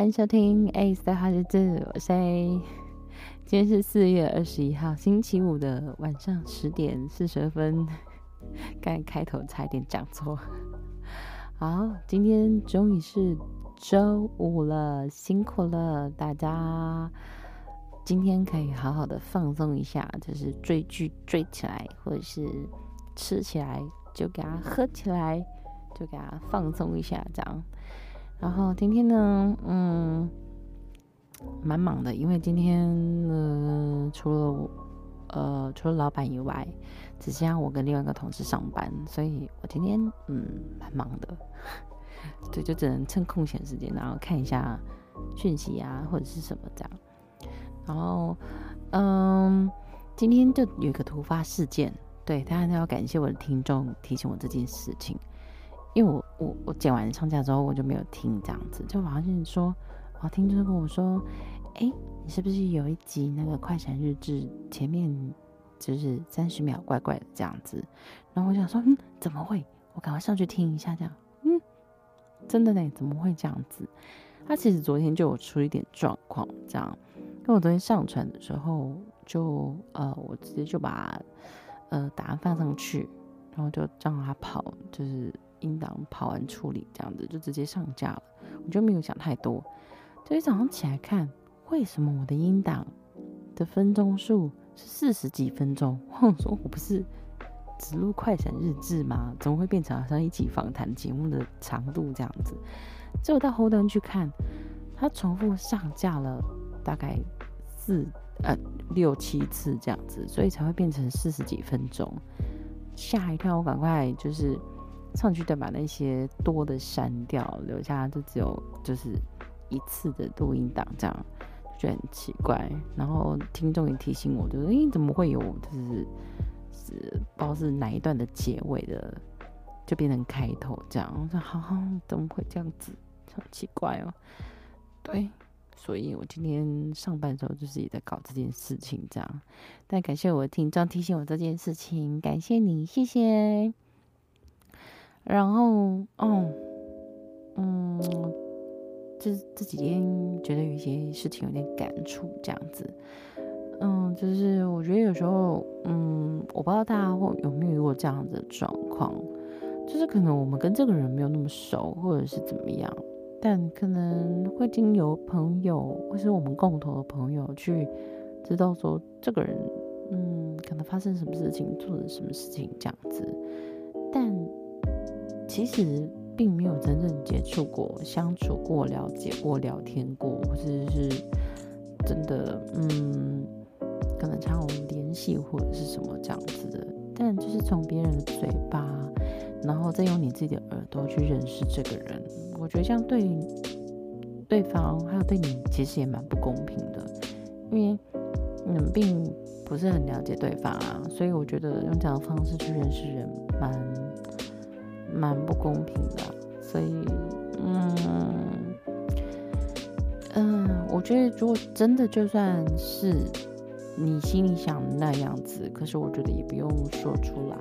歡迎收聽 a 的花日子，我是、a. 今天是四月二十一號，星期五的晚上十點四十二分。剛開頭差點講錯。好，今天終於是周五了，辛苦了大家。今天可以好好的放鬆一下，就是追劇追起來，或者是吃起來，就給它喝起來，就給它放鬆一下，這樣。然後今天呢，嗯，蠻忙的，因為今天呢，呃，除了我呃，除了老闆以外，只剩下我跟另外一個同事上班，所以我今天嗯蠻忙的，所 以就只能趁空閒時間，然後看一下訊息啊，或者是什麼這樣。然後嗯，今天就有一個突發事件，對，當然要感謝我的聽眾提醒我這件事情。因為我我我剪完上架之後我就沒有聽這樣子，就好像是說，我聽眾跟我說，哎，你是不是有一集那個《快閃日誌》前面就是三十秒怪怪的這樣子？然後我就想說，嗯，怎麼會？我趕快上去聽一下，這樣，嗯，真的呢，怎麼會這樣子？他、啊、其實昨天就有出一點狀況，這樣，因為我昨天上傳的時候就呃，我直接就把呃答案放上去，然後就這樣讓他跑，就是。音檔跑完處理這樣子就直接上架了，我就沒有想太多。所以早上起來看，為什麼我的音檔的分鐘數是四十幾分鐘？我說我不是只錄快閃日誌嗎？怎麼會變成好像一集訪談節目的長度這樣子？只有到後端去看，它重複上架了大概四呃六七次這樣子，所以才會變成四十幾分鐘。嚇一跳，我趕快就是。上去再把那些多的刪掉，留下就只有就是一次的錄音檔這樣，就很奇怪。然後聽眾也提醒我、就是，就說：“哎，怎麼會有就是是不知道是哪一段的結尾的，就變成開頭這樣。”我說：“好，好，怎麼會這樣子？好奇怪哦、啊。”對，所以我今天上班的時候就是也在搞這件事情這樣。但感謝我的聽眾提醒我這件事情，感謝你，謝謝。然後，嗯、哦，嗯，這這幾天覺得有一些事情有點感觸，這樣子，嗯，就是我覺得有時候，嗯，我不知道大家會有沒有遇過這樣子的狀況，就是可能我們跟這個人沒有那麼熟，或者是怎麼樣，但可能會經由朋友或是我們共同的朋友去知道說這個人，嗯，可能發生什麼事情，做了什麼事情這樣子，但。其實並沒有真正接觸過、相處過、了解過、聊天過，或者是，是真的，嗯，可能常有聯繫或者是什麼這樣子的。但就是從別人的嘴巴，然後再用你自己的耳朵去認識這個人，我覺得這樣對對方還有對你其實也蠻不公平的，因為你們，嗯，並不是很了解對方啊。所以我覺得用這樣的方式去認識人蠻。蠻不公平的，所以，嗯嗯，我覺得如果真的就算是你心裡想的那樣子，可是我覺得也不用說出來，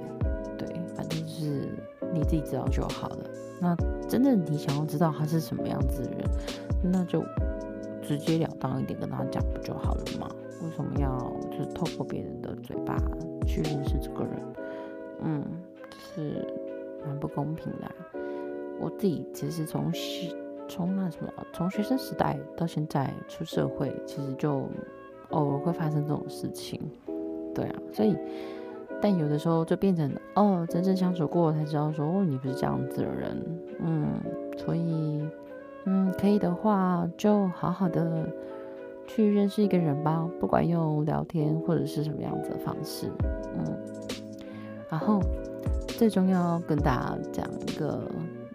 對，反正是你自己知道就好了。那真的你想要知道他是什麼樣子的人，那就直截了當一點跟他講不就好了嗎？為什麼要就是透過別人的嘴巴去認識這個人？嗯，是。蠻不公平的啊，我自己其實從學從那什麼，從學生時代到現在出社會，其實就偶爾會發生這種事情，對啊，所以但有的時候就變成哦，真正相處過才知道說哦，你不是這樣子的人，嗯，所以嗯可以的話就好好的去認識一個人吧，不管用聊天或者是什麼樣子的方式，嗯，然後。最重要，要跟大家講一個，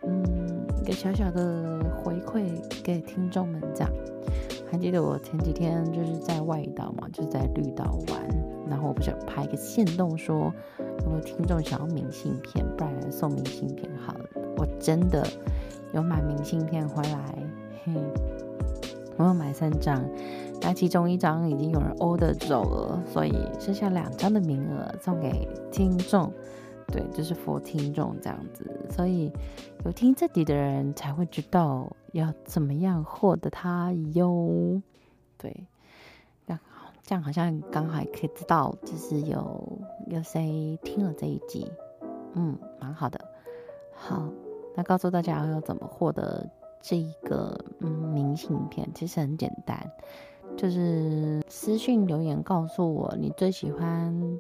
嗯，一個小小的回饋給聽眾們講。還記得我前幾天就是在外島嘛，就是、在綠島玩，然後我不是拍一個限動說，如果聽眾想要明信片，不然送明信片好了。我真的有買明信片回來，嘿，我有買三張，那其中一張已經有人 order 走了，所以剩下兩張的名額送給聽眾。對，就是佛聽眾這樣子，所以有聽這集的人才會知道要怎麼樣獲得它喲。對，那這，這樣好像剛好也可以知道，就是有有誰聽了這一集，嗯，蠻好的。好，那告訴大家要怎麼獲得這一個嗯明信片，其實很簡單，就是私訊留言告訴我你最喜歡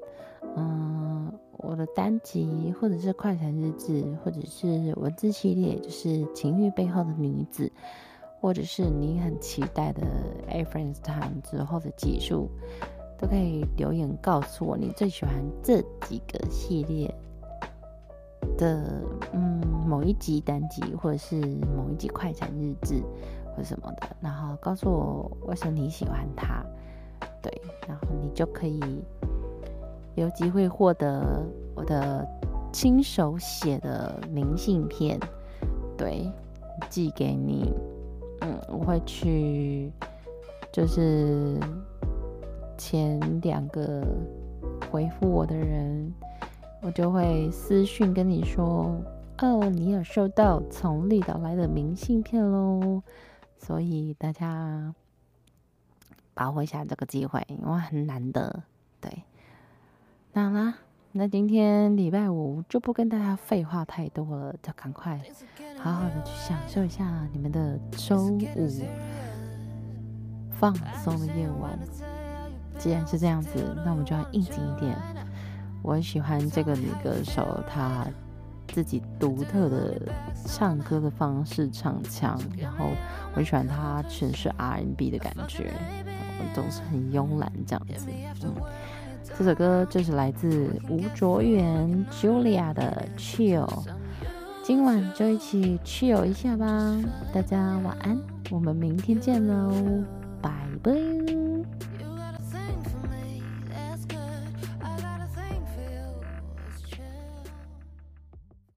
嗯。我的單集，或者是快閃日誌，或者是文字系列，就是情欲背後的女子，或者是你很期待的《A Friend's Time》之後的幾部，都可以留言告訴我你最喜歡這幾個系列的嗯某一集單集，或者是某一集快閃日誌或什麼的，然後告訴我為什麼你喜歡它，對，然後你就可以。有機會獲得我的親手寫的明信片，對，寄給你。嗯，我會去，就是前兩個回復我的人，我就會私訊跟你說，哦、呃，你有收到從綠島來的明信片嘍。所以大家把握一下這個機會，因為很難得，對。那啦，那今天禮拜五就不跟大家廢話太多了，就趕快好好的去享受一下你們的周五放鬆的夜晚。既然是這樣子，那我們就要應景一點。我很喜歡這個女歌手，她自己獨特的唱歌的方式、唱腔，然後我很喜歡她全是 R&B 的感覺，我總是很慵懶這樣子。嗯這首歌就是來自吳卓源 Julia 的 Chill，今晚就一起 Chill 一下吧！大家晚安，我們明天見嘍，拜拜。